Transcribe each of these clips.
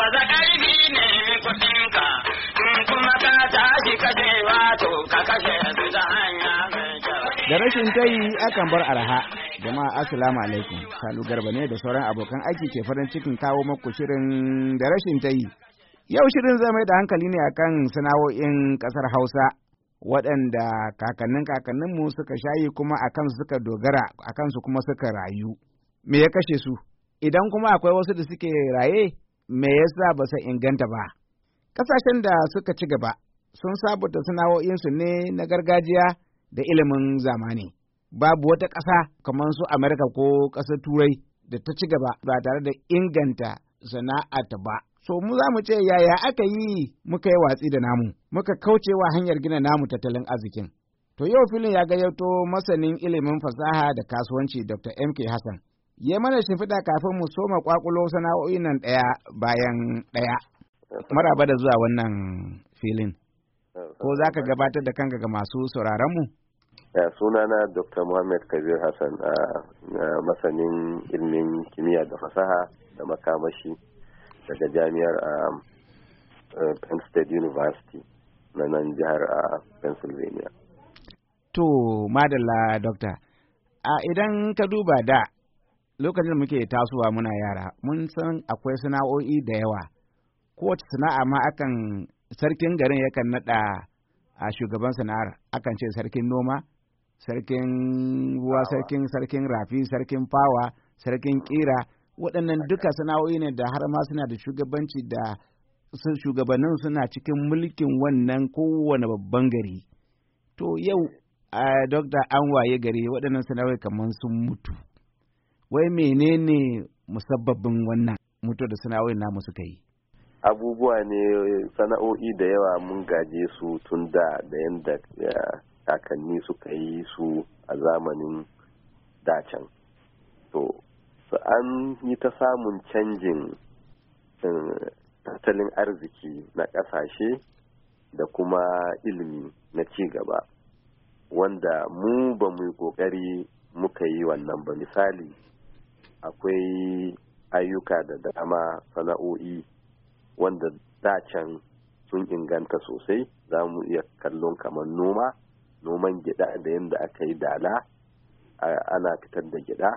baza ƙarfi ne kuɗinka, in kuma ka tashi wato ka kashe su ta hanya Da rashin tayi akan bar arha. Jama'a Assalamu alaikum. Salu Garba ne da sauran abokan aiki ke farin cikin kawo maku shirin da rashin tayi. Yau shirin zai mai da hankali ne akan sana'o'in ƙasar Hausa. waɗanda kakannin kakanninmu suka shayi kuma a kansu suka dogara a kansu kuma suka rayu me ya kashe su idan kuma akwai wasu da suke raye me yasa ba su inganta ba. kasashen da suka ci gaba sun sabunta sana'o'insu ne na gargajiya da ilimin zamani. Babu wata ƙasa kamar su Amerika ko ƙasar Turai da ta ci gaba ba tare da inganta sana'ata ba. So mu za mu ce yaya aka yi muka yi watsi da namu, muka kauce wa hanyar gina namu tattalin arzikin. To yau filin ya gayyato masanin ilimin fasaha da kasuwanci Dr. MK Hassan. ya mana shimfiɗa kafin mu soma kwakulo sana'o'i nan ɗaya bayan ɗaya. Maraba da zuwa wannan filin. Ko za ka gabatar da kanka ga masu sauraron Suna eh, Sunana Dr. Muhammad Kabir Hassan a masanin ilmin kimiyya da fasaha da makamashi daga jami'ar Penn State University na nan jihar Pennsylvania. To, madalla, Dokta, a idan ka duba da lokacin da muke tasowa muna yara mun san akwai sana'o'i da yawa kowace sana'a ma akan sarkin garin yakan naɗa a shugaban sana'ar akan ce sarkin noma sarkin ruwa sarkin sarkin rafi sarkin fawa sarkin kira waɗannan duka sana'o'i ne da har ma suna da shugabanci da shugabannin suna cikin mulkin wannan kowane babban gari to yau a dokta an gari waɗannan sana'o'i kamar sun mutu wai menene musabbabin wannan mutu da sana'o'in namu suka yi abubuwa ne sana'o'i da yawa mun gaje su tun da da yadda kakanni suka yi su a zamanin dacan to su an yi ta samun canjin eh, tattalin arziki na ƙasashe da kuma ilimi na ci gaba wanda mu ba mu yi ƙoƙari muka yi wannan ba misali akwai ayyuka da dama sana'o'i wanda dacen sun inganta sosai za mu iya kallon kamar noma noman gida da yadda aka yi dala ana fitar da gida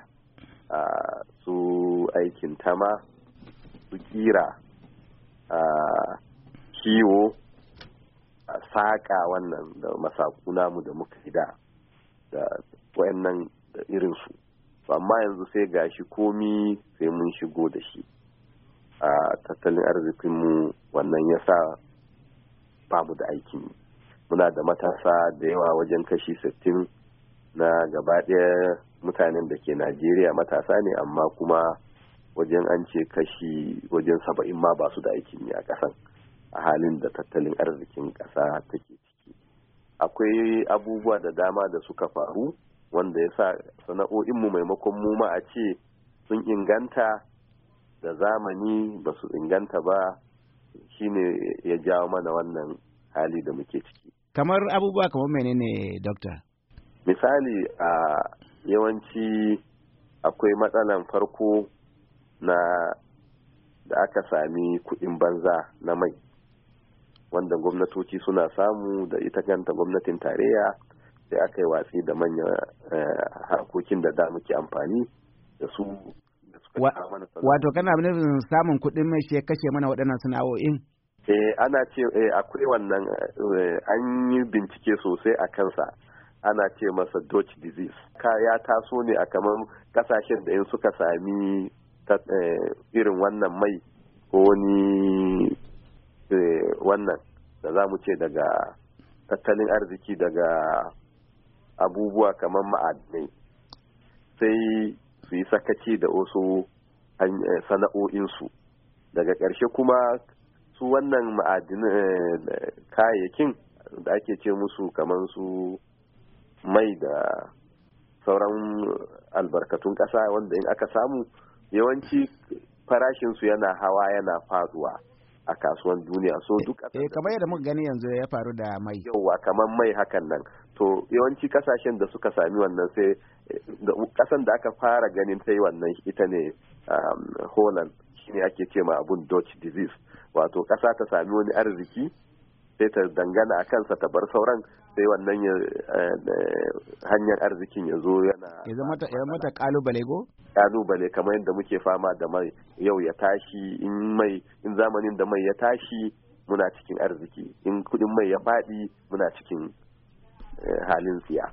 su aikin tama su kira kiwo a saƙa wannan da masakuna mu da muka yi da wayannan irinsu amma yanzu sai gashi komi sai mun shigo da shi a tattalin arzikinmu wannan ya sa bamu da aikin muna da matasa da yawa wajen kashi sittin na gaba mutanen da ke najeriya matasa ne amma kuma wajen an ce kashi wajen saba'in ma ba su da aikin ne a ƙasan a halin da tattalin arzikin ƙasa take ciki akwai abubuwa da dama da suka faru wanda ya sa mu maimakon mu ma a ce sun inganta da zamani ba su inganta ba shine ya jawo mana wannan hali da muke ciki kamar abubuwa kamar menene dokta misali a yawanci akwai matsalan farko na da aka sami kuɗin banza na mai wanda gwamnatoci suna samu da ita kanta gwamnatin tarayya sai aka yi watsi da manyan eh, harkokin da da muke amfani da su wato kana nufin samun kuɗin mai shi kashe mana waɗannan sana'o'in eh ana ce eh akwai wannan eh, an yi bincike sosai a kansa ana ce masa Dutch disease ka ya taso ne a kamar kasashen da in suka sami eh, irin wannan mai ko wani wannan da za mu ce daga tattalin arziki daga abubuwa kamar ma'adinai sai su yi sakaci da wasu eh, sana'o'insu daga ƙarshe kuma su wannan ma'adinan eh, kayayyakin da ake ce musu kamar su mai da sauran albarkatun ƙasa wanda in aka samu yawanci farashinsu yana hawa yana faduwa. a kasuwan duniya so duk eh kamar yadda muka gani yanzu ya faru da mai yauwa kamar mai hakan nan to yawanci kasashen da suka sami wannan sai eh, kasan da aka fara ganin ta wannan ita ne um, holland shine ake ce ma abun dutch disease wato kasa ta sami wani arziki sai ta dangana a kansa ta bar sauran sai wannan ya eh, hanyar arzikin ya zo yana ya zama ta kalubale go kalubale kamar yadda muke fama da mai yau ya tashi in mai in zamanin da mai ya tashi muna cikin arziki in kudin mai ya faɗi muna cikin eh, halin siya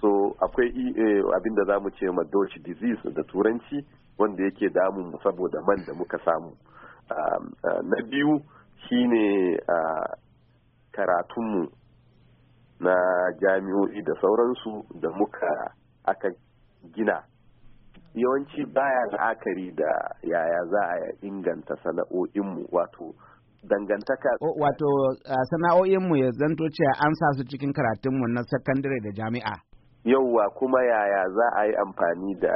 so akwai eh, abin da za mu ce ma doci disease da turanci wanda yake damun saboda man da muka samu na biyu shine ah, karatunmu na jami'o'i da sauransu da muka aka gina yawanci baya la'akari da yaya za a inganta sana'o'inmu wato dangantaka wato sana'o'inmu ya zanto cewa an sa su cikin karatunmu na sakandare da jami'a yauwa kuma yaya za a yi amfani da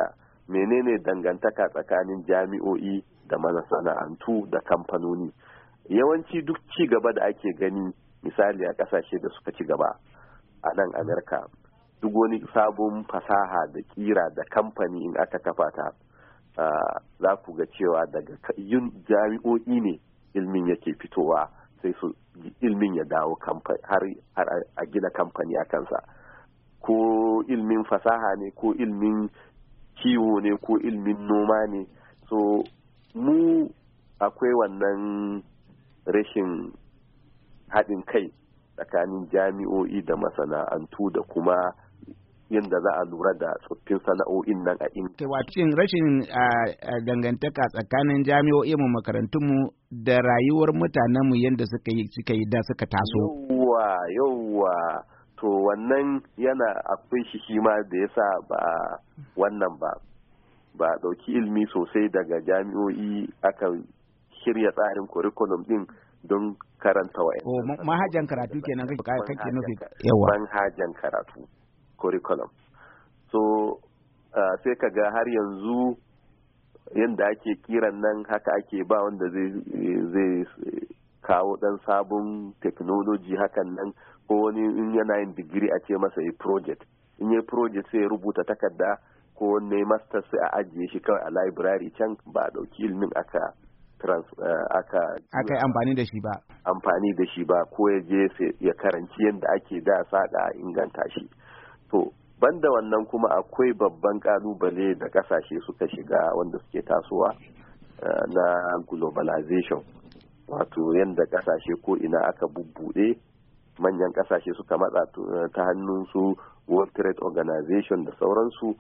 menene dangantaka tsakanin jami'o'i da masana'antu da kamfanoni yawanci duk ci gaba da ake gani misali a kasashe da suka ci gaba a nan amerika duk wani sabon fasaha da kira da kamfani in aka kafa ta za ku ga cewa daga yin jami'o'i ne ilmin yake fitowa sai su ilmin ya dawo har a gina kamfani a kansa ko ilmin fasaha ne ko ilmin kiwo ne ko ilmin noma ne so mu akwai wannan rashin haɗin kai tsakanin jami'o'i da masana'antu da kuma yadda za a lura da tsoffin sana'o'in nan a inda. Wacin rashin dangantaka tsakanin jami'o'i mu makarantunmu da rayuwar mutanenmu yadda suka yi suka yi da suka taso. Yawwa yawwa to wannan yana akwai shi shi ma da yasa ba wannan ba ba ɗauki ilmi sosai daga jami'o'i aka shirya tsarin curriculum din don karanta wa oh, manhajan karatu kenan kake nufi yawa manhajan karatu curriculum so uh, sai ka ga har yanzu yadda ake kiran nan haka ake ba wanda zai kawo dan sabon technology hakan nan ko wani in yana yin digiri a ce masa yi project in yi project sai ya rubuta takarda ko wanne master sai a ajiye shi kawai a library can ba a ɗauki ilimin aka Eh, aka yi amfani da shi ba amfani da shi ba ko ya je ya karanci yadda ake da sada inganta shi to banda wannan kuma akwai babban kalubale da kasashe suka shiga wanda suke tasowa eh, na globalization wato yadda kasashe ko ina aka bubbuɗe manyan kasashe suka matsa eh, ta hannun su world trade organization da sauransu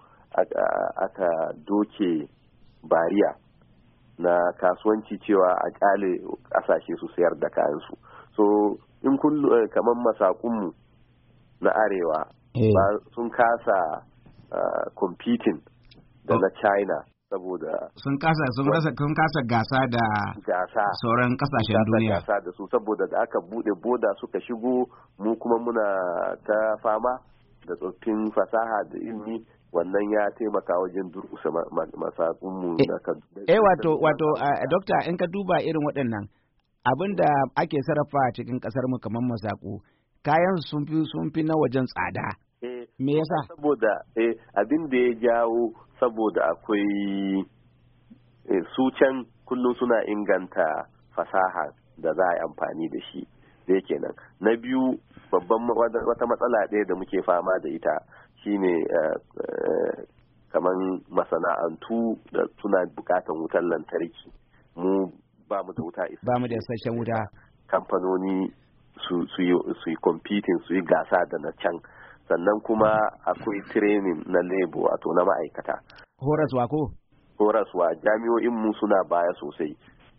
aka doke bariya na kasuwanci cewa a kyale kasashe su sayar da kayansu so in kun eh, kamar masakunmu na arewa eh. ba sun kasa ah, competing da na oh. china saboda sun kasa sun rasa sun kasa gasa da gasa sauran kasashen duniya gasa da su saboda da aka bude boda suka shigo mu kuma muna ta fama da tsoffin fasaha da ilmi wannan ya taimaka wajen durkusa masakunmu eh, na kaduna. Eh wato wato dokta in ka duba irin waɗannan abin da ake sarrafa cikin ƙasar mu kamar masaku kayan sun fi sun fi na wajen tsada. Eh, Me yasa? Saboda eh abin da ya jawo saboda akwai eh, su can kullum suna inganta fasaha da za a yi amfani da shi. Zai kenan. Na biyu babban wata matsala ɗaya da muke fama da ita shine eh, eh, kamar masana'antu da suna bukatan wutar lantarki mu ba mu da wuta isa ba mu da sashen wuta kamfanoni su yi competing su yi gasa da na can sannan kuma akwai tirenin na lebo wato na ma'aikata horaswa ko horaswa jami'o'in mu suna baya sosai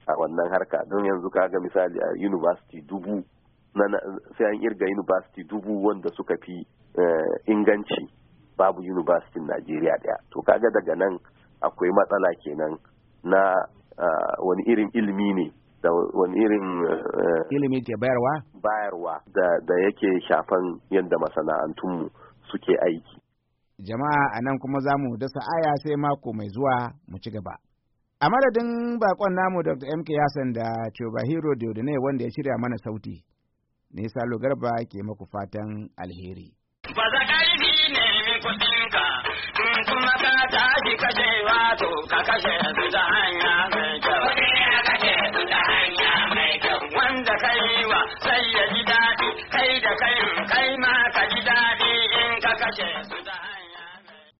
a wannan harka don yanzu kaga misali a university dubu sai an irga university dubu wanda suka fi eh, inganci babu university Najeriya ɗaya to kaga daga nan akwai matsala kenan na ah, wani irin ilimi ne da wani irin eh, ilimi ke bayarwa bayarwa da yake shafan yadda masana'antunmu suke aiki jama'a a nan kuma za mu dasa aya sai mako mai zuwa mu ci gaba a madadin bakon namu dr mk yasan da chobahiro ne wanda ya shirya mana sauti ne Salo Garba ke maku fatan alheri. Baza ƙarfi ne min kuɗinka, in kuma ka tashi ka je wato ka kashe su ta hanya mai kyau. Kuɗi su ta hanya mai Wanda ka wa sai ya ji daɗi, kai da kai kai ma ka ji daɗi in ka kashe